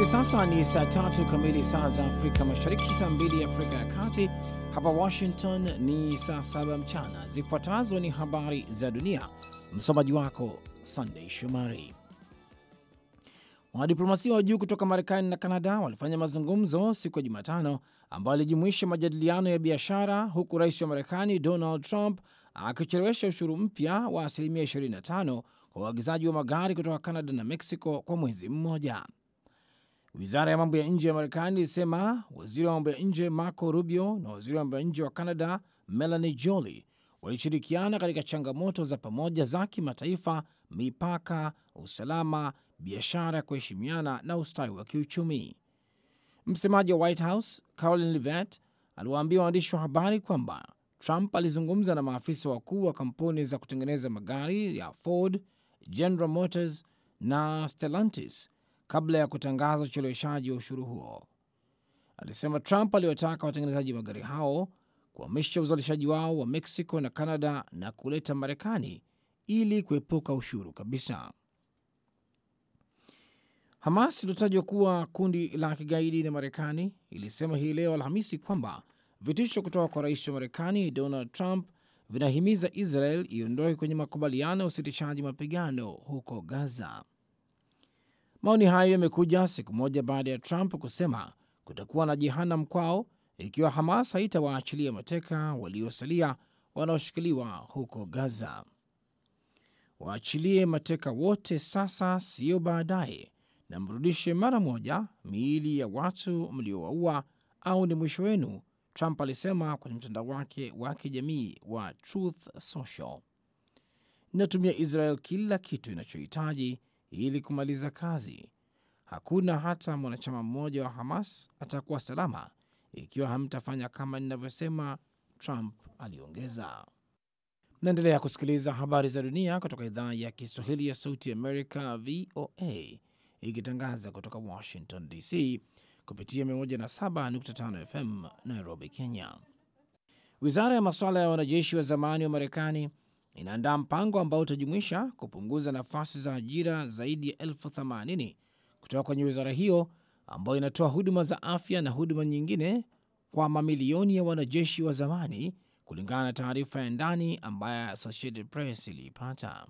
Hivi sasa ni saa tatu kamili saa za Afrika Mashariki, saa mbili Afrika ya Kati. Hapa Washington ni saa saba mchana. Zifuatazo ni habari za dunia, msomaji wako Sandei Shomari. Wanadiplomasia wa juu kutoka Marekani na Kanada walifanya mazungumzo siku ya Jumatano ambayo alijumuisha majadiliano ya biashara, huku rais wa Marekani Donald Trump akichelewesha ushuru mpya wa asilimia 25 kwa uagizaji wa magari kutoka Kanada na Meksiko kwa mwezi mmoja. Wizara ya mambo ya nje ya Marekani ilisema waziri wa mambo ya nje Marco Rubio na waziri wa mambo ya nje wa Canada Melanie Joly walishirikiana katika changamoto za pamoja za kimataifa, mipaka, usalama, biashara ya kuheshimiana na ustawi wa kiuchumi. Msemaji wa White House Caroline Levitt aliwaambia waandishi wa habari kwamba Trump alizungumza na maafisa wakuu wa kampuni za kutengeneza magari ya Ford, General Motors na Stellantis kabla ya kutangaza ucheleweshaji wa ushuru huo. Alisema Trump aliwataka watengenezaji magari hao kuhamisha uzalishaji wao wa Meksiko na canada na kuleta Marekani ili kuepuka ushuru kabisa. Hamas iliotajwa kuwa kundi la kigaidi na Marekani ilisema hii leo Alhamisi kwamba vitisho kutoka kwa rais wa Marekani Donald Trump vinahimiza Israel iondoke kwenye makubaliano ya usitishaji mapigano huko Gaza. Maoni hayo yamekuja siku moja baada ya Trump kusema kutakuwa na jehanamu kwao ikiwa Hamas haitawaachilia mateka waliosalia wanaoshikiliwa huko Gaza. Waachilie mateka wote sasa, siyo baadaye, na mrudishe mara moja miili ya watu mliowaua au ni mwisho wenu, Trump alisema kwenye mtandao wake wa kijamii wa Truth Social. Inatumia Israel kila kitu inachohitaji ili kumaliza kazi. Hakuna hata mwanachama mmoja wa Hamas atakuwa salama ikiwa hamtafanya kama ninavyosema, Trump aliongeza. Naendelea kusikiliza habari za dunia kutoka idhaa ya Kiswahili ya Sauti Amerika, VOA, ikitangaza kutoka Washington DC kupitia 107.5 FM Nairobi, Kenya. Wizara ya masuala ya wanajeshi wa zamani wa Marekani inaandaa mpango ambao utajumuisha kupunguza nafasi za ajira zaidi ya elfu kutoka kwenye wizara hiyo ambayo inatoa huduma za afya na huduma nyingine kwa mamilioni ya wanajeshi wa zamani, kulingana na taarifa ya ndani ambayo Associated Press iliipata.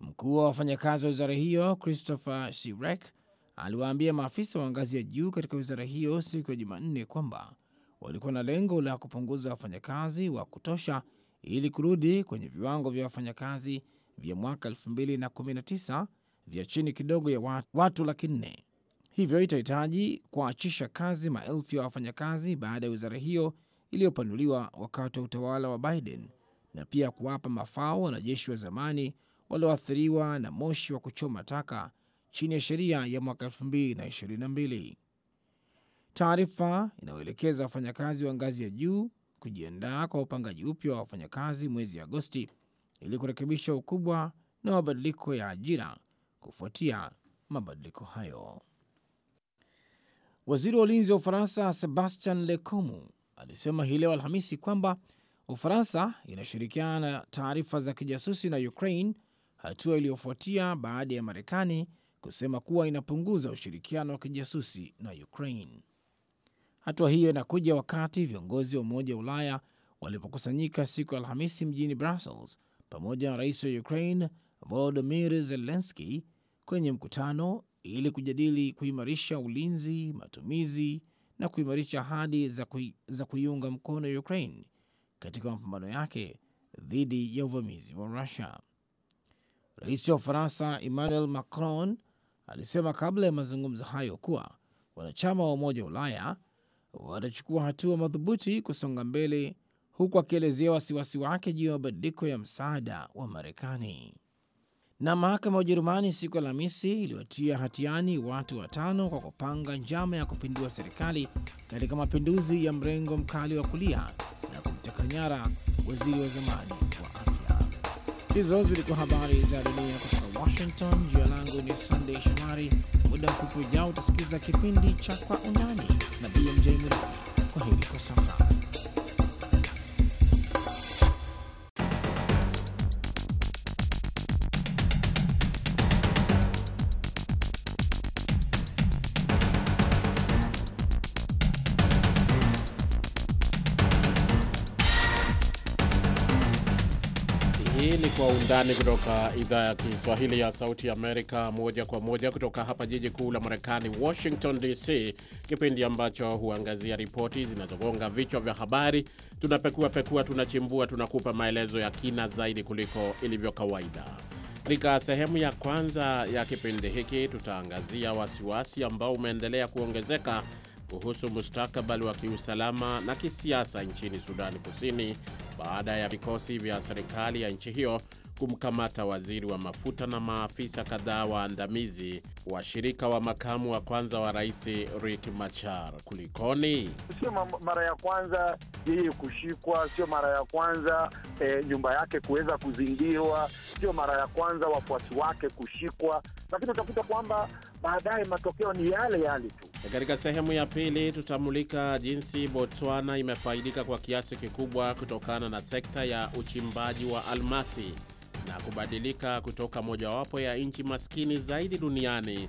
Mkuu wa wafanyakazi wa wizara hiyo Christopher Sirek aliwaambia maafisa wa ngazi ya juu katika wizara hiyo siku ya Jumanne kwamba walikuwa na lengo la kupunguza wafanyakazi wa kutosha ili kurudi kwenye viwango vya wafanyakazi vya mwaka 2019 vya chini kidogo ya watu laki nne. Hivyo itahitaji kuachisha kazi maelfu ya wafanyakazi baada ya wizara hiyo iliyopanuliwa wakati wa utawala wa Biden na pia kuwapa mafao wanajeshi wa zamani walioathiriwa na moshi wa kuchoma taka chini ya sheria ya mwaka 2022. Taarifa inayoelekeza wafanyakazi wa ngazi ya juu kujiandaa kwa upangaji upya wa wafanyakazi mwezi Agosti ili kurekebisha ukubwa na mabadiliko ya ajira kufuatia mabadiliko hayo. Waziri wa ulinzi wa Ufaransa Sebastian Lecornu alisema hii leo Alhamisi kwamba Ufaransa inashirikiana na taarifa za kijasusi na Ukraine, hatua iliyofuatia baada ya Marekani kusema kuwa inapunguza ushirikiano wa kijasusi na Ukraine. Hatua hiyo inakuja wakati viongozi wa Umoja wa Ulaya walipokusanyika siku ya Alhamisi mjini Brussels pamoja na rais wa Ukraine Volodimir Zelenski kwenye mkutano ili kujadili kuimarisha ulinzi, matumizi na kuimarisha ahadi za, kui, za kuiunga mkono Ukraine katika mapambano yake dhidi ya uvamizi wa Rusia. Rais wa Ufaransa Emmanuel Macron alisema kabla ya mazungumzo hayo kuwa wanachama wa Umoja wa Ulaya watachukua hatua madhubuti kusonga mbele, huku akielezea wasiwasi wake juu ya mabadiliko ya msaada wa Marekani. Na mahakama ya Ujerumani siku ya Alhamisi iliwatia hatiani watu watano kwa kupanga njama ya kupindua serikali katika mapinduzi ya mrengo mkali wa kulia na kumteka nyara waziri wa zamani wa afya. Hizo zilikuwa habari za dunia kutoka Washington. Jina langu ni Sandey Shomari. Muda mfupi ujao utasikiliza kipindi cha Kwa Undani na BMJ Muridi. Kwa heri kwa sasa. undani kutoka idhaa ya Kiswahili ya Sauti Amerika, moja kwa moja kutoka hapa jiji kuu la Marekani, Washington DC, kipindi ambacho huangazia ripoti zinazogonga vichwa vya habari. Tunapekua pekua, tunachimbua, tunakupa maelezo ya kina zaidi kuliko ilivyo kawaida. Katika sehemu ya kwanza ya kipindi hiki, tutaangazia wasiwasi ambao umeendelea kuongezeka kuhusu mustakabali wa kiusalama na kisiasa nchini Sudani Kusini baada ya vikosi vya serikali ya nchi hiyo kumkamata waziri wa mafuta na maafisa kadhaa waandamizi washirika wa makamu wa kwanza wa rais Riek Machar. Kulikoni? Sio mara ya kwanza yeye kushikwa, sio mara ya kwanza e, nyumba yake kuweza kuzingirwa, sio mara ya kwanza wafuasi wake kushikwa, lakini utakuta kwamba baadaye matokeo ni yale yale tu. E, katika sehemu ya pili tutamulika jinsi Botswana imefaidika kwa kiasi kikubwa kutokana na sekta ya uchimbaji wa almasi na kubadilika kutoka mojawapo ya nchi maskini zaidi duniani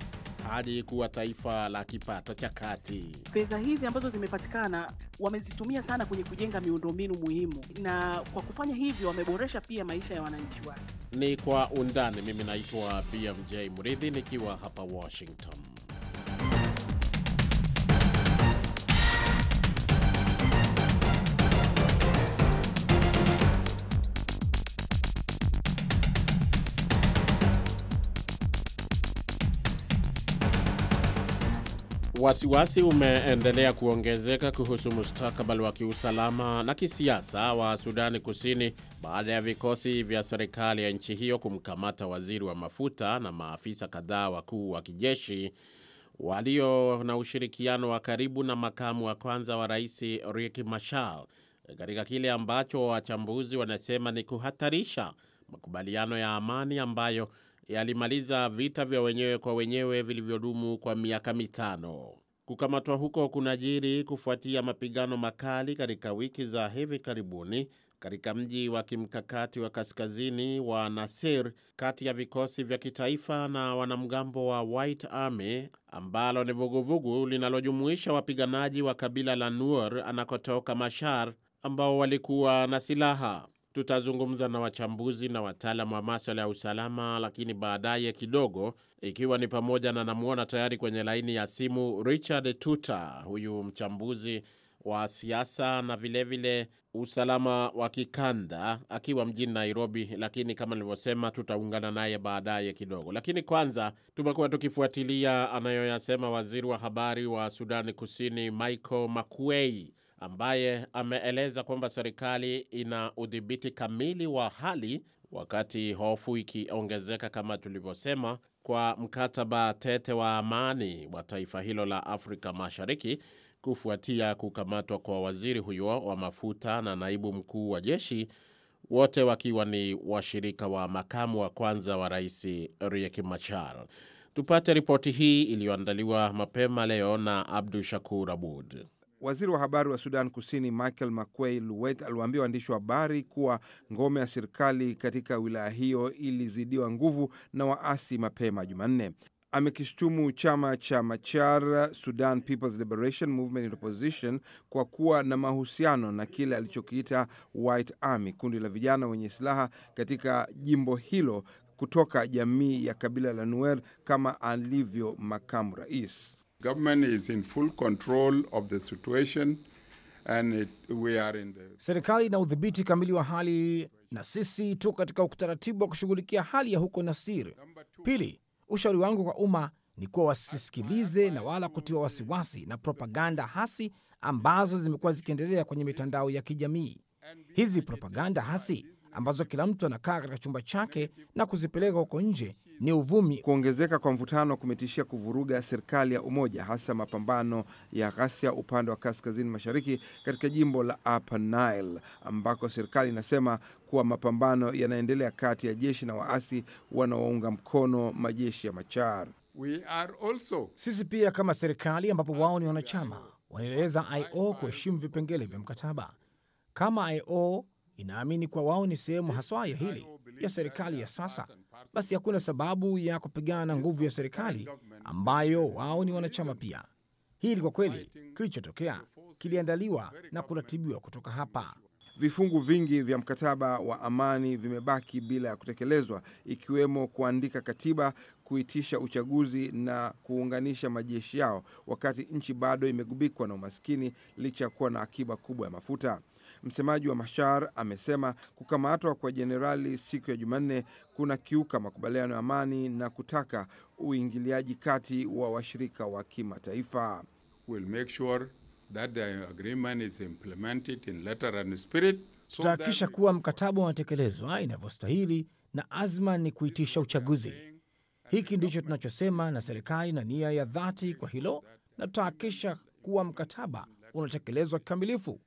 hadi kuwa taifa la kipato cha kati. Fedha hizi ambazo zimepatikana wamezitumia sana kwenye kujenga miundombinu muhimu, na kwa kufanya hivyo wameboresha pia maisha ya wananchi wake. Ni kwa undani. Mimi naitwa BMJ Mridhi nikiwa hapa Washington. Wasiwasi umeendelea kuongezeka kuhusu mustakabali wa kiusalama na kisiasa wa Sudani Kusini baada ya vikosi vya serikali ya nchi hiyo kumkamata waziri wa mafuta na maafisa kadhaa wakuu wa kijeshi walio na ushirikiano wa karibu na makamu wa kwanza wa rais rik mashal katika kile ambacho wachambuzi wanasema ni kuhatarisha makubaliano ya amani ambayo yalimaliza vita vya wenyewe kwa wenyewe vilivyodumu kwa miaka mitano. Kukamatwa huko kunajiri kufuatia mapigano makali katika wiki za hivi karibuni katika mji wa kimkakati wa kaskazini wa Nasir kati ya vikosi vya kitaifa na wanamgambo wa White Army ambalo ni vuguvugu linalojumuisha wapiganaji wa kabila la Nuer anakotoka Mashar ambao walikuwa na silaha tutazungumza na wachambuzi na wataalam wa maswala ya usalama, lakini baadaye kidogo, ikiwa ni pamoja na namwona tayari kwenye laini ya simu Richard Tuta, huyu mchambuzi wa siasa na vilevile vile usalama wa kikanda akiwa mjini Nairobi, lakini kama nilivyosema, tutaungana naye baadaye kidogo. Lakini kwanza, tumekuwa tukifuatilia anayoyasema waziri wa habari wa Sudani Kusini Michael Makuei ambaye ameeleza kwamba serikali ina udhibiti kamili wa hali, wakati hofu ikiongezeka kama tulivyosema, kwa mkataba tete wa amani wa taifa hilo la Afrika Mashariki kufuatia kukamatwa kwa waziri huyo wa mafuta na naibu mkuu wa jeshi, wote wakiwa ni washirika wa makamu wa kwanza wa rais Riek Machar. Tupate ripoti hii iliyoandaliwa mapema leo na Abdu Shakur Abud. Waziri wa habari wa Sudan Kusini Michael Makwei Luwet aliwaambia waandishi wa habari kuwa ngome ya serikali katika wilaya hiyo ilizidiwa nguvu na waasi mapema Jumanne. Amekishutumu chama cha Machar Sudan People's Liberation Movement in Opposition kwa kuwa na mahusiano na kile alichokiita White Army, kundi la vijana wenye silaha katika jimbo hilo kutoka jamii ya kabila la Nuer, kama alivyo makamu rais. Serikali ina udhibiti kamili wa hali na sisi tu katika utaratibu wa kushughulikia hali ya huko Nasir. Pili, ushauri wangu kwa umma ni kuwa wasisikilize na wala kutiwa wasiwasi na propaganda hasi ambazo zimekuwa zikiendelea kwenye mitandao ya kijamii. Hizi propaganda hasi ambazo kila mtu anakaa katika chumba chake na kuzipeleka huko nje ni uvumi. Kuongezeka kwa mvutano kumetishia kuvuruga serikali ya umoja, hasa mapambano ya ghasia upande wa kaskazini mashariki katika jimbo la Upper Nile ambako serikali inasema kuwa mapambano yanaendelea kati ya jeshi na waasi wanaounga mkono majeshi ya Machar. We are also... sisi pia kama serikali ambapo wao ni wanachama wanaeleza IO kuheshimu vipengele vya mkataba. Kama IO inaamini kuwa wao ni sehemu haswa ya hili ya serikali ya sasa, basi hakuna sababu ya kupigana na nguvu ya serikali ambayo wao ni wanachama pia. Hili kwa kweli, kilichotokea kiliandaliwa na kuratibiwa kutoka hapa vifungu vingi vya mkataba wa amani vimebaki bila ya kutekelezwa, ikiwemo kuandika katiba, kuitisha uchaguzi na kuunganisha majeshi yao, wakati nchi bado imegubikwa na umaskini licha ya kuwa na akiba kubwa ya mafuta. Msemaji wa Mashar amesema kukamatwa kwa jenerali siku ya Jumanne kuna kiuka makubaliano ya amani na kutaka uingiliaji kati wa washirika wa kimataifa. We'll make sure Tutahakikisha kuwa mkataba unatekelezwa inavyostahili na azma ni kuitisha uchaguzi. Hiki ndicho tunachosema na serikali na nia ya dhati kwa hilo, na tutahakikisha kuwa mkataba unatekelezwa kikamilifu.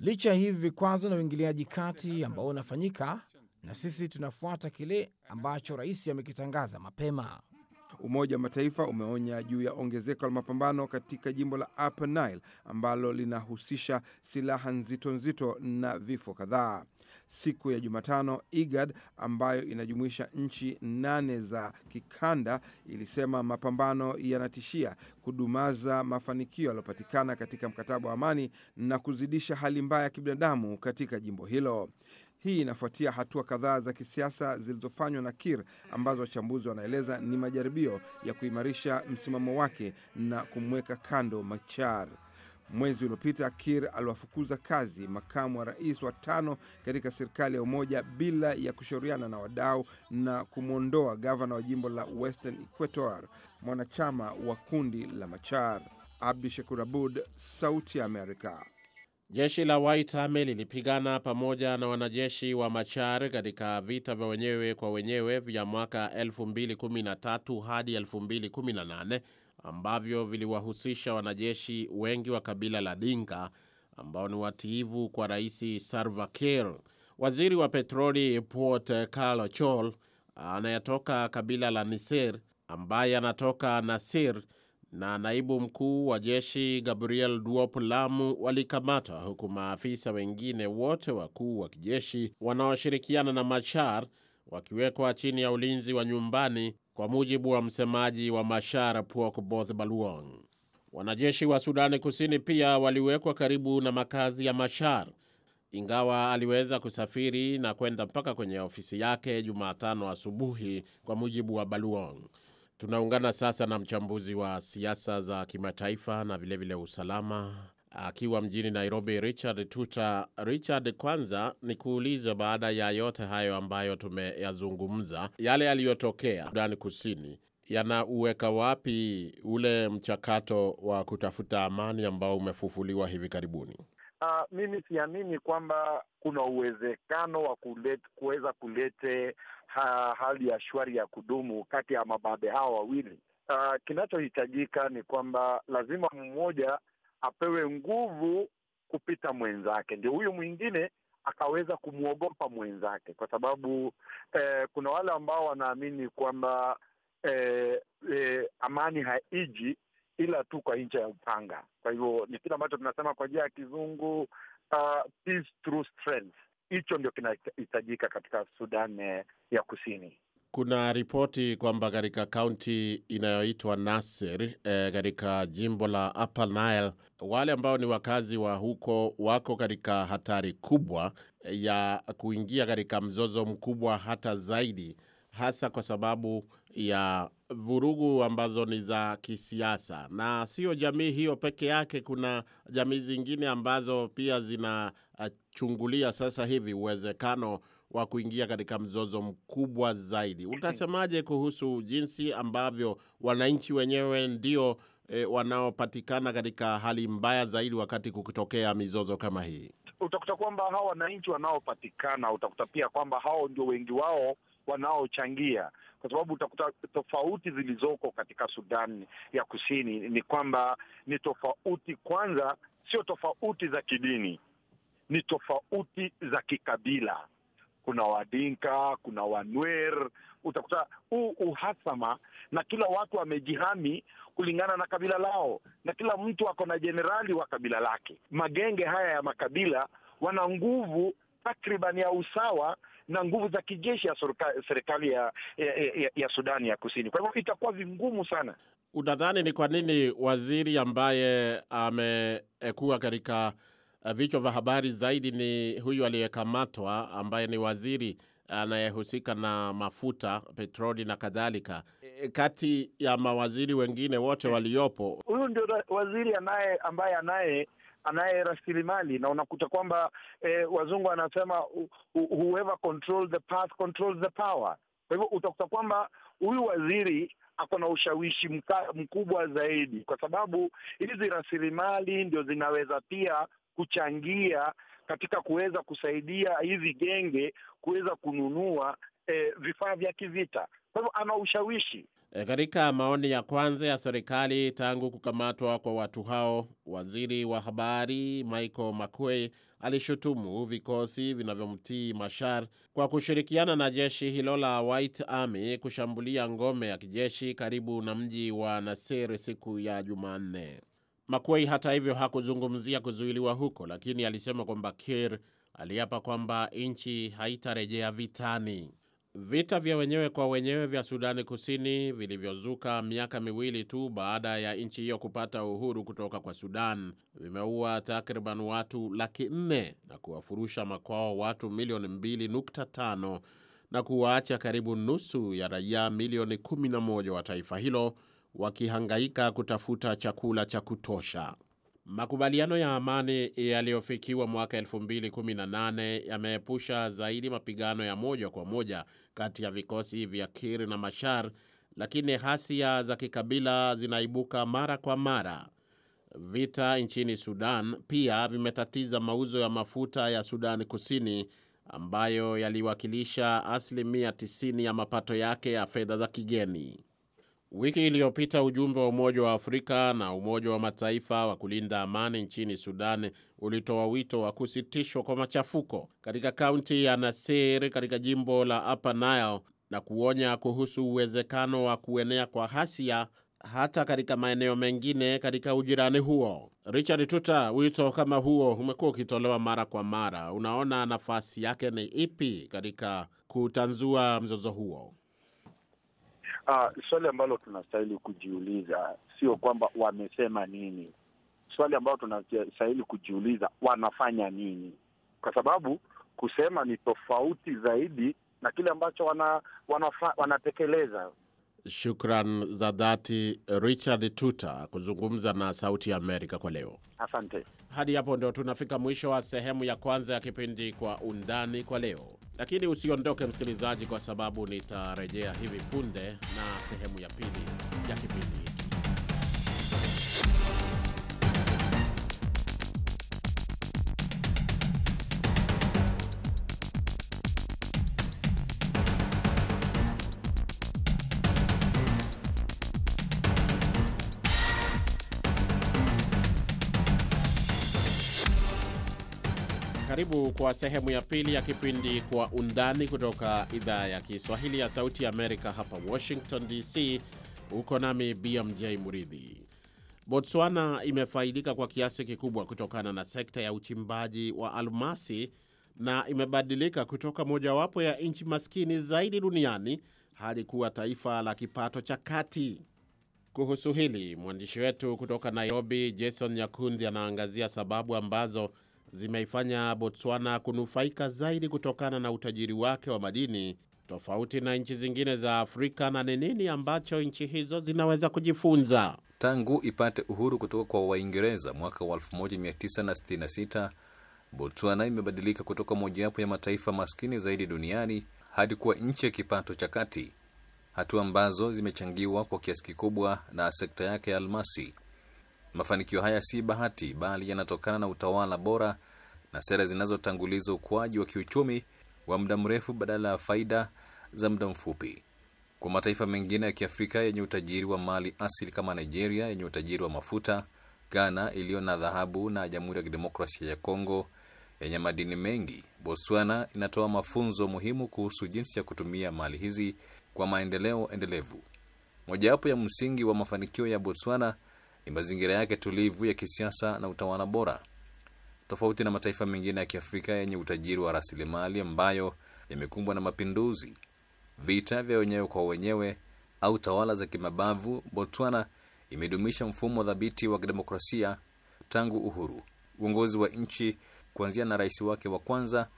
Licha ya hivi vikwazo na uingiliaji kati ambao unafanyika, na sisi tunafuata kile ambacho rais amekitangaza mapema. Umoja wa Mataifa umeonya juu ya ongezeko la mapambano katika jimbo la Upper Nile ambalo linahusisha silaha nzito nzito na vifo kadhaa. Siku ya Jumatano, IGAD ambayo inajumuisha nchi nane za kikanda ilisema mapambano yanatishia kudumaza mafanikio yaliyopatikana katika mkataba wa amani na kuzidisha hali mbaya ya kibinadamu katika jimbo hilo. Hii inafuatia hatua kadhaa za kisiasa zilizofanywa na Kir ambazo wachambuzi wanaeleza ni majaribio ya kuimarisha msimamo wake na kumweka kando Machar. Mwezi uliopita Kir aliwafukuza kazi makamu wa rais wa tano katika serikali ya umoja bila ya kushauriana na wadau na kumwondoa gavana wa jimbo la Western Equator, mwanachama wa kundi la Machar. Abdu Shakur Abud, Sauti ya Amerika. Jeshi la White Army lilipigana pamoja na wanajeshi wa Machar katika vita vya wenyewe kwa wenyewe vya mwaka 2013 hadi 2018 ambavyo viliwahusisha wanajeshi wengi wa kabila la Dinka ambao ni watiivu kwa Rais Salva Kiir. Waziri wa petroli Port Carlo Chol anayetoka kabila la Nisir ambaye anatoka Nasir na naibu mkuu wa jeshi Gabriel Duop Lamu walikamatwa huku maafisa wengine wote wakuu wa kijeshi wanaoshirikiana na Machar wakiwekwa chini ya ulinzi wa nyumbani, kwa mujibu wa msemaji wa Machar both Baluong. Wanajeshi wa Sudani Kusini pia waliwekwa karibu na makazi ya Machar, ingawa aliweza kusafiri na kwenda mpaka kwenye ofisi yake Jumatano asubuhi, kwa mujibu wa Baluong. Tunaungana sasa na mchambuzi wa siasa za kimataifa na vilevile vile usalama akiwa mjini Nairobi, Richard Tuta. Richard, kwanza nikuulize, baada ya yote hayo ambayo tumeyazungumza, yale yaliyotokea Sudani Kusini yanauweka wapi ule mchakato wa kutafuta amani ambao umefufuliwa hivi karibuni? Uh, mimi siamini kwamba kuna uwezekano wa kuweza kulete, kulete ha, hali ya shwari ya kudumu kati ya mababe hawa wawili. Uh, kinachohitajika ni kwamba lazima mmoja apewe nguvu kupita mwenzake, ndio huyu mwingine akaweza kumwogopa mwenzake, kwa sababu eh, kuna wale ambao wanaamini kwamba eh, eh, amani haiji ila tu kwa ncha ya upanga. Kwa hivyo ni kile ambacho tunasema kwa njia ya kizungu uh, peace through strength hicho ndio kinahitajika katika Sudan eh, ya Kusini. Kuna ripoti kwamba katika kaunti inayoitwa Nasir eh, katika eh, jimbo la Upper Nile wale ambao ni wakazi wa huko wako katika hatari kubwa eh, ya kuingia katika mzozo mkubwa hata zaidi, hasa kwa sababu ya vurugu ambazo ni za kisiasa. Na sio jamii hiyo peke yake, kuna jamii zingine ambazo pia zina chungulia sasa hivi uwezekano wa kuingia katika mzozo mkubwa zaidi. Utasemaje kuhusu jinsi ambavyo wananchi wenyewe ndio e, wanaopatikana katika hali mbaya zaidi wakati kukitokea mizozo kama hii? Utakuta kwamba hao wananchi wanaopatikana, utakuta pia kwamba hao ndio wengi wao wanaochangia kwa sababu utakuta tofauti zilizoko katika Sudan ya Kusini ni kwamba ni tofauti, kwanza sio tofauti za kidini ni tofauti za kikabila. Kuna Wadinka, kuna Wanwer. Utakuta huu uhasama, na kila watu wamejihami kulingana na kabila lao, na kila mtu ako na jenerali wa kabila lake. Magenge haya ya makabila wana nguvu takriban ya usawa na nguvu za kijeshi ya serikali ya, ya, ya, ya Sudani ya Kusini. Kwa hivyo itakuwa vingumu sana. Unadhani ni kwa nini waziri ambaye amekuwa katika Eh, vichwa vya habari zaidi ni huyu aliyekamatwa ambaye ni waziri eh, anayehusika na mafuta, petroli na kadhalika, eh, kati ya mawaziri wengine wote waliopo. Huyu ndio waziri anaye ambaye anaye anaye rasilimali na unakuta kwamba eh, wazungu anasema whoever control the path controls the power. Kwa hivyo utakuta kwamba huyu waziri ako na ushawishi mkubwa zaidi, kwa sababu hizi rasilimali ndio zinaweza pia kuchangia katika kuweza kusaidia hizi genge kuweza kununua e, vifaa vya kivita. Kwa hivyo ana ushawishi e. Katika maoni ya kwanza ya serikali tangu kukamatwa kwa watu hao, waziri wa habari Michael Makuei alishutumu vikosi vinavyomtii Mashar kwa kushirikiana na jeshi hilo la White Army kushambulia ngome ya kijeshi karibu na mji wa Nasir siku ya Jumanne. Makwei hata hivyo hakuzungumzia kuzuiliwa huko, lakini alisema kwamba kir aliapa kwamba nchi haitarejea vitani. Vita vya wenyewe kwa wenyewe vya Sudani Kusini vilivyozuka miaka miwili tu baada ya nchi hiyo kupata uhuru kutoka kwa Sudan vimeua takriban watu laki nne na kuwafurusha makwao watu milioni 2.5 na kuwaacha karibu nusu ya raia milioni 11 wa taifa hilo wakihangaika kutafuta chakula cha kutosha. Makubaliano ya amani yaliyofikiwa mwaka 2018 yameepusha zaidi mapigano ya moja kwa moja kati ya vikosi vya Kir na Mashar, lakini ghasia za kikabila zinaibuka mara kwa mara. Vita nchini Sudan pia vimetatiza mauzo ya mafuta ya Sudan Kusini ambayo yaliwakilisha asilimia 90 ya mapato yake ya fedha za kigeni. Wiki iliyopita ujumbe wa Umoja wa Afrika na Umoja wa Mataifa wa kulinda amani nchini Sudan ulitoa wito wa kusitishwa kwa machafuko katika kaunti ya Nasir katika jimbo la Upper Nile na kuonya kuhusu uwezekano wa kuenea kwa hasia hata katika maeneo mengine katika ujirani huo. Richard Tuta, wito kama huo umekuwa ukitolewa mara kwa mara, unaona nafasi yake ni ipi katika kutanzua mzozo huo? Uh, swali ambalo tunastahili kujiuliza sio kwamba wamesema nini. Swali ambalo tunastahili kujiuliza wanafanya nini, kwa sababu kusema ni tofauti zaidi na kile ambacho wana, wanafa, wanatekeleza. Shukran za dhati Richard Tuta kuzungumza na Sauti ya Amerika kwa leo. Asante. Hadi hapo ndo tunafika mwisho wa sehemu ya kwanza ya kipindi Kwa Undani kwa leo. Lakini usiondoke msikilizaji, kwa sababu nitarejea hivi punde na sehemu ya pili ya kipindi. Karibu kwa sehemu ya pili ya kipindi Kwa Undani kutoka idhaa ya Kiswahili ya Sauti ya Amerika hapa Washington DC. Uko nami BMJ Muridhi. Botswana imefaidika kwa kiasi kikubwa kutokana na sekta ya uchimbaji wa almasi na imebadilika kutoka mojawapo ya nchi maskini zaidi duniani hadi kuwa taifa la kipato cha kati. Kuhusu hili mwandishi wetu kutoka Nairobi, Jason Nyakundi, anaangazia sababu ambazo zimeifanya Botswana kunufaika zaidi kutokana na utajiri wake wa madini tofauti na nchi zingine za Afrika, na ni nini ambacho nchi hizo zinaweza kujifunza? Tangu ipate uhuru kutoka kwa Waingereza mwaka wa 1966 Botswana imebadilika kutoka mojawapo ya mataifa maskini zaidi duniani hadi kuwa nchi ya kipato cha kati, hatua ambazo zimechangiwa kwa kiasi kikubwa na sekta yake ya almasi Mafanikio haya si bahati, bali yanatokana na utawala bora na sera zinazotanguliza ukuaji wa kiuchumi wa muda mrefu badala ya faida za muda mfupi. Kwa mataifa mengine ya Kiafrika yenye utajiri wa mali asili kama Nigeria yenye utajiri wa mafuta, Ghana iliyo na dhahabu na Jamhuri ya Kidemokrasia ya Kongo yenye madini mengi, Botswana inatoa mafunzo muhimu kuhusu jinsi ya kutumia mali hizi kwa maendeleo endelevu. Mojawapo ya msingi wa mafanikio ya Botswana ni mazingira yake tulivu ya kisiasa na utawala bora, tofauti na mataifa mengine ya Kiafrika yenye utajiri wa rasilimali ambayo yamekumbwa na mapinduzi, vita vya wenyewe kwa wenyewe au tawala za kimabavu. Botswana imedumisha mfumo dhabiti wa demokrasia tangu uhuru. Uongozi wa nchi kuanzia na rais wake wa kwanza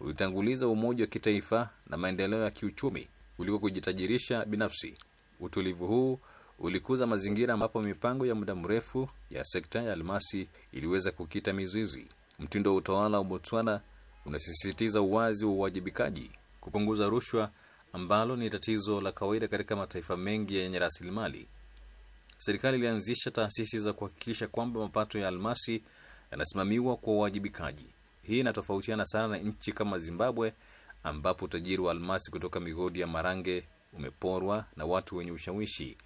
ulitanguliza umoja wa kitaifa na maendeleo ya kiuchumi uliko kujitajirisha binafsi. Utulivu huu ulikuza mazingira ambapo mipango ya muda mrefu ya sekta ya almasi iliweza kukita mizizi. Mtindo wa utawala wa Botswana unasisitiza uwazi wa uwajibikaji, kupunguza rushwa ambalo ni tatizo la kawaida katika mataifa mengi yenye rasilimali. Serikali ilianzisha taasisi za kuhakikisha kwamba mapato ya almasi yanasimamiwa kwa uwajibikaji. Hii inatofautiana sana na nchi kama Zimbabwe ambapo utajiri wa almasi kutoka migodi ya Marange umeporwa na watu wenye ushawishi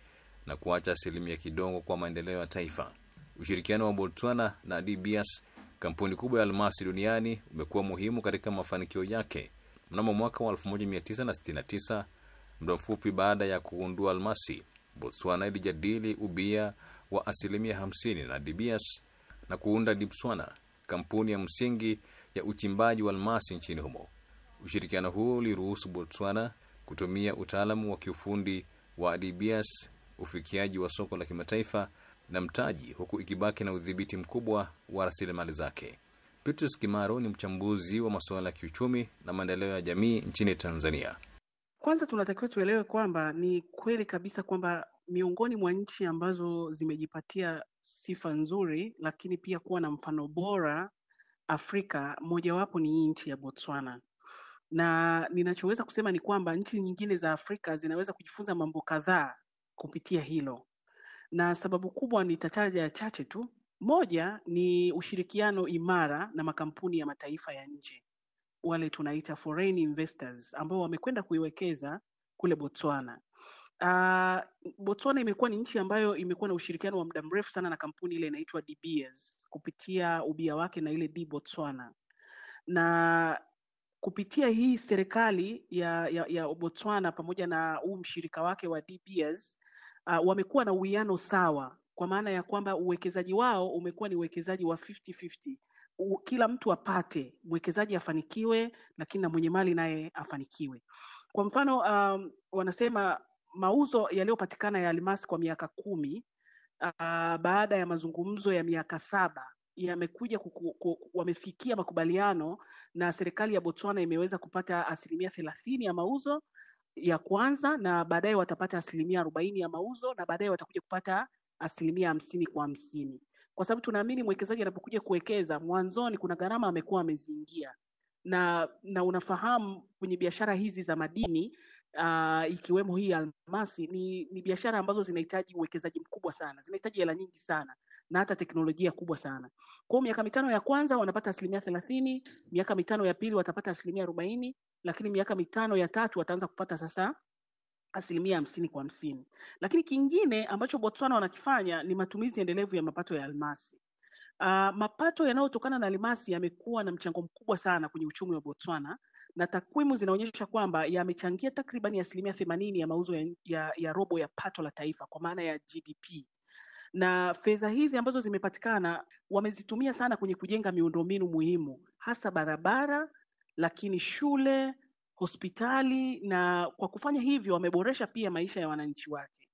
na kuacha asilimia kidogo kwa maendeleo ya taifa. Ushirikiano wa Botswana na DBS, kampuni kubwa ya almasi duniani, umekuwa muhimu katika mafanikio yake. Mnamo mwaka wa 1969 muda mfupi baada ya kugundua almasi, Botswana ilijadili ubia wa asilimia 50 na DBS na kuunda Dipswana, kampuni ya msingi ya uchimbaji wa almasi nchini humo. Ushirikiano huo uliruhusu Botswana kutumia utaalamu wa kiufundi wa DBS ufikiaji wa soko la kimataifa na mtaji, huku ikibaki na udhibiti mkubwa wa rasilimali zake. Petrus Kimaro ni mchambuzi wa masuala ya kiuchumi na maendeleo ya jamii nchini Tanzania. Kwanza tunatakiwa tuelewe kwamba ni kweli kabisa kwamba miongoni mwa nchi ambazo zimejipatia sifa nzuri, lakini pia kuwa na mfano bora Afrika, mojawapo ni nchi ya Botswana, na ninachoweza kusema ni kwamba nchi nyingine za Afrika zinaweza kujifunza mambo kadhaa kupitia hilo, na sababu kubwa nitataja chache tu. Moja ni ushirikiano imara na makampuni ya mataifa ya nje, wale tunaita foreign investors ambao wamekwenda kuiwekeza kule Botswana. Uh, Botswana imekuwa ni nchi ambayo imekuwa na ushirikiano wa muda mrefu sana na kampuni ile inaitwa kupitia ubia wake na ile D Botswana, na kupitia hii serikali ya, ya, ya Botswana pamoja na huu mshirika wake wa dbs uh, wamekuwa na uwiano sawa kwa maana ya kwamba uwekezaji wao umekuwa ni uwekezaji wa 50-50. Kila mtu apate, mwekezaji afanikiwe, lakini na mwenye mali naye afanikiwe. Kwa mfano um, wanasema mauzo yaliyopatikana ya almasi kwa miaka kumi uh, baada ya mazungumzo ya miaka saba yamekuja wamefikia makubaliano na serikali ya Botswana imeweza kupata asilimia thelathini ya mauzo ya kwanza na baadaye watapata asilimia arobaini ya mauzo na baadaye watakuja kupata asilimia hamsini kwa hamsini kwa sababu tunaamini mwekezaji anapokuja kuwekeza mwanzoni kuna gharama amekuwa ameziingia na na unafahamu kwenye biashara hizi za madini uh, ikiwemo hii almasi ni, ni biashara ambazo zinahitaji uwekezaji mkubwa sana, zinahitaji hela nyingi sana na hata teknolojia kubwa sana. kwao miaka mitano ya kwanza wanapata asilimia thelathini, miaka mitano ya pili watapata asilimia arobaini, lakini miaka mitano ya tatu wataanza kupata sasa asilimia hamsini kwa hamsini. Lakini kingine ambacho Botswana wanakifanya ni matumizi endelevu ya mapato ya almasi. Uh, mapato yanayotokana na almasi yamekuwa na mchango mkubwa sana kwenye uchumi wa Botswana na takwimu zinaonyesha kwamba yamechangia takriban asilimia themanini ya mauzo ya, ya, ya robo ya pato la taifa kwa maana ya GDP na fedha hizi ambazo zimepatikana wamezitumia sana kwenye kujenga miundombinu muhimu hasa barabara lakini shule, hospitali, na kwa kufanya hivyo wameboresha pia maisha ya wananchi wake.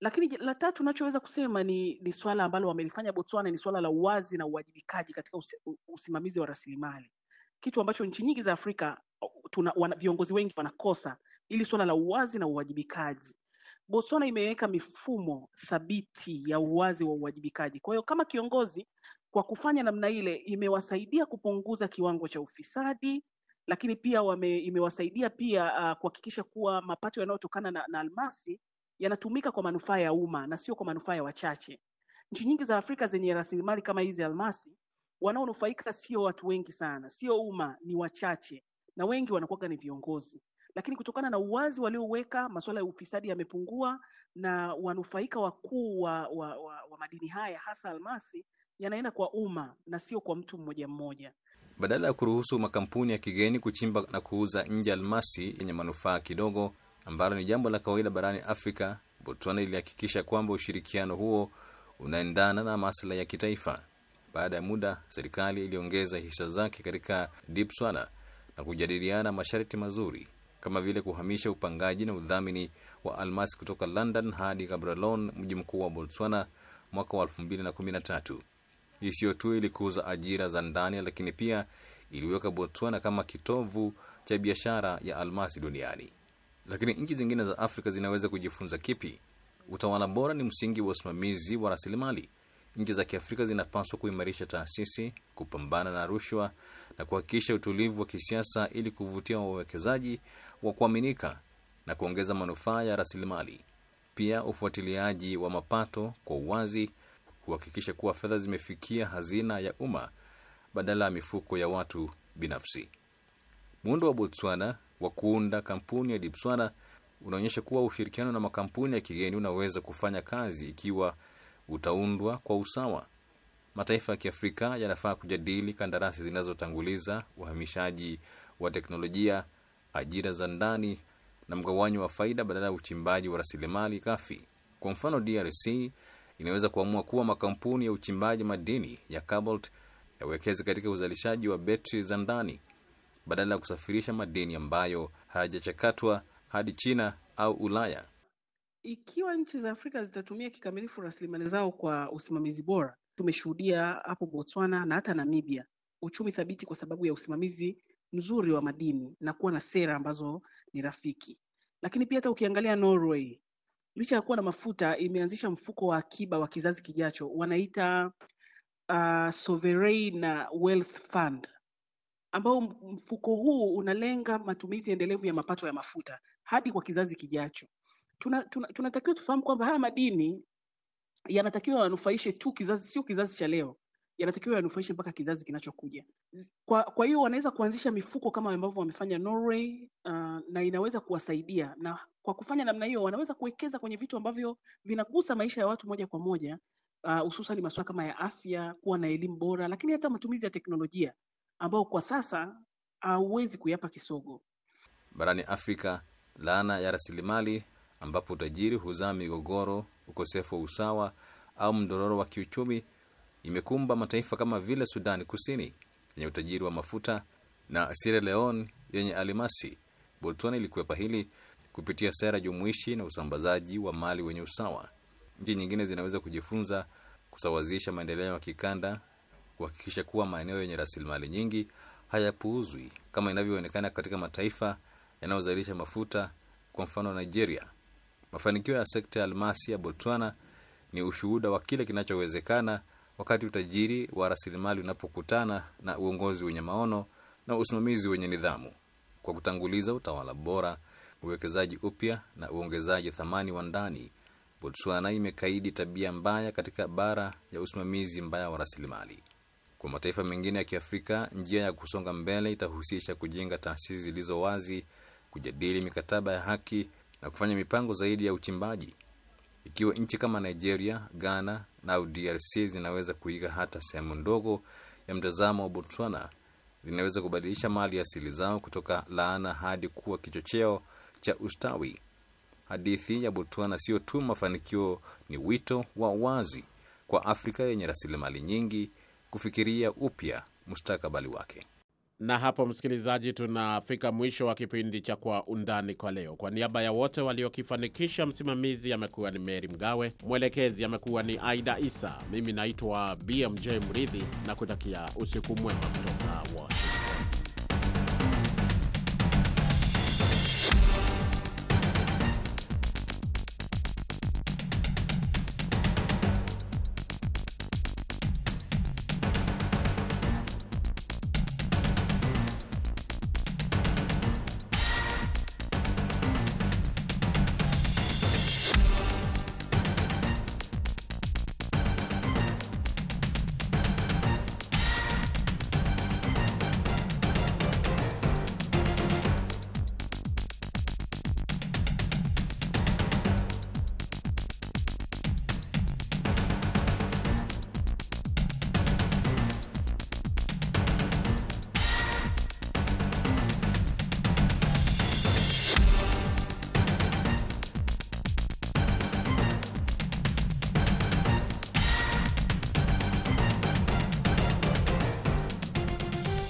Lakini la tatu unachoweza kusema ni, ni swala ambalo wamelifanya Botswana ni swala la uwazi na uwajibikaji katika usimamizi wa rasilimali, kitu ambacho nchi nyingi za Afrika tuna wana, viongozi wengi wanakosa ili swala la uwazi na uwajibikaji. Botswana imeweka mifumo thabiti ya uwazi wa uwajibikaji. Kwa hiyo kama kiongozi kwa kufanya namna ile imewasaidia kupunguza kiwango cha ufisadi, lakini pia wame, imewasaidia pia uh, kuhakikisha kuwa mapato yanayotokana na, na almasi yanatumika kwa manufaa ya umma na sio kwa manufaa ya wachache. Nchi nyingi za Afrika zenye rasilimali kama hizi almasi, wanaonufaika sio watu wengi sana, sio umma, ni wachache, na wengi wanakuwaga ni viongozi. Lakini kutokana na uwazi walioweka, masuala ya ufisadi yamepungua, na wanufaika wakuu wa, wa, wa, wa madini haya hasa almasi yanaenda kwa umma na sio kwa mtu mmoja mmoja. Badala ya kuruhusu makampuni ya kigeni kuchimba na kuuza nje almasi yenye manufaa kidogo, ambalo ni jambo la kawaida barani Afrika, Botswana ilihakikisha kwamba ushirikiano huo unaendana na maslahi ya kitaifa. Baada ya muda, serikali iliongeza hisa zake katika Dipswana na kujadiliana masharti mazuri kama vile kuhamisha upangaji na udhamini wa almasi kutoka London hadi Gaborone, mji mkuu wa Botswana, mwaka wa 2013 isiyo tu ilikuza ajira za ndani, lakini pia iliweka Botswana kama kitovu cha biashara ya almasi duniani. Lakini nchi zingine za Afrika zinaweza kujifunza kipi? Utawala bora ni msingi wa usimamizi wa rasilimali. Nchi za Kiafrika zinapaswa kuimarisha taasisi, kupambana na rushwa na kuhakikisha utulivu wa kisiasa ili kuvutia wawekezaji wa kuaminika na kuongeza manufaa ya rasilimali. Pia ufuatiliaji wa mapato kwa uwazi kuhakikisha kuwa fedha zimefikia hazina ya umma badala ya mifuko ya watu binafsi. Muundo wa Botswana wa kuunda kampuni ya Dipswana unaonyesha kuwa ushirikiano na makampuni ya kigeni unaweza kufanya kazi ikiwa utaundwa kwa usawa. Mataifa ya Kiafrika yanafaa kujadili kandarasi zinazotanguliza uhamishaji wa teknolojia, ajira za ndani na mgawanyo wa faida badala ya uchimbaji wa rasilimali ghafi. Kwa mfano, DRC inaweza kuamua kuwa makampuni ya uchimbaji madini ya cobalt yawekeze katika uzalishaji wa betri za ndani badala ya kusafirisha madini ambayo hayajachakatwa hadi China au Ulaya. Ikiwa nchi za Afrika zitatumia kikamilifu rasilimali zao kwa usimamizi bora, tumeshuhudia hapo Botswana na hata Namibia uchumi thabiti kwa sababu ya usimamizi mzuri wa madini na kuwa na sera ambazo ni rafiki. Lakini pia hata ukiangalia Norway licha ya kuwa na mafuta imeanzisha mfuko wa akiba wa kizazi kijacho, wanaita uh, na Wealth Fund, ambao mfuko huu unalenga matumizi endelevu ya mapato ya mafuta hadi kwa kizazi kijacho. Tunatakiwa tuna, tuna tufahamu kwamba haya madini yanatakiwa yanufaishe tu kizazi, sio kizazi cha leo yanatakiwa yanufaishe mpaka kizazi kinachokuja. Kwa, kwa hiyo wanaweza kuanzisha mifuko kama ambavyo wamefanya Norway, uh, na inaweza kuwasaidia na kwa kufanya namna hiyo wanaweza kuwekeza kwenye vitu ambavyo vinagusa maisha ya watu moja kwa moja uh, hususan uh, masuala kama ya afya, kuwa na elimu bora, lakini hata matumizi ya teknolojia ambao kwa sasa hauwezi uh, kuyapa kisogo. Barani Afrika, laana ya rasilimali ambapo utajiri huzaa migogoro, ukosefu wa usawa au mdororo wa kiuchumi imekumba mataifa kama vile Sudani Kusini yenye utajiri wa mafuta na Sierra Leone yenye alimasi. botan ilikwepa hili kupitia sera jumuishi na usambazaji wa mali wenye usawa. Nchi nyingine zinaweza kujifunza kusawazisha maendeleo ya kikanda, kuhakikisha kuwa maeneo yenye rasilimali nyingi hayapuuzwi kama inavyoonekana katika mataifa yanayozalisha mafuta, kwa mfano Nigeria. Mafanikio ya sekta ya almasi ya Botswana ni ushuhuda wa kile kinachowezekana wakati utajiri wa rasilimali unapokutana na uongozi wenye maono na usimamizi wenye nidhamu. Kwa kutanguliza utawala bora, uwekezaji upya na uongezaji thamani wa ndani, Botswana imekaidi tabia mbaya katika bara ya usimamizi mbaya wa rasilimali. Kwa mataifa mengine ya Kiafrika, njia ya kusonga mbele itahusisha kujenga taasisi zilizo wazi, kujadili mikataba ya haki na kufanya mipango zaidi ya uchimbaji. Ikiwa nchi kama Nigeria, Ghana na DRC zinaweza kuiga hata sehemu ndogo ya mtazamo wa Botswana, zinaweza kubadilisha mali asili zao kutoka laana hadi kuwa kichocheo cha ustawi. Hadithi ya Botswana sio tu mafanikio, ni wito wa wazi kwa Afrika yenye rasilimali nyingi kufikiria upya mustakabali wake. Na hapo msikilizaji, tunafika mwisho wa kipindi cha Kwa Undani kwa leo. Kwa niaba ya wote waliokifanikisha, msimamizi amekuwa ni Meri Mgawe, mwelekezi amekuwa ni Aida Isa, mimi naitwa BMJ Mridhi na kutakia usiku mwema kutoka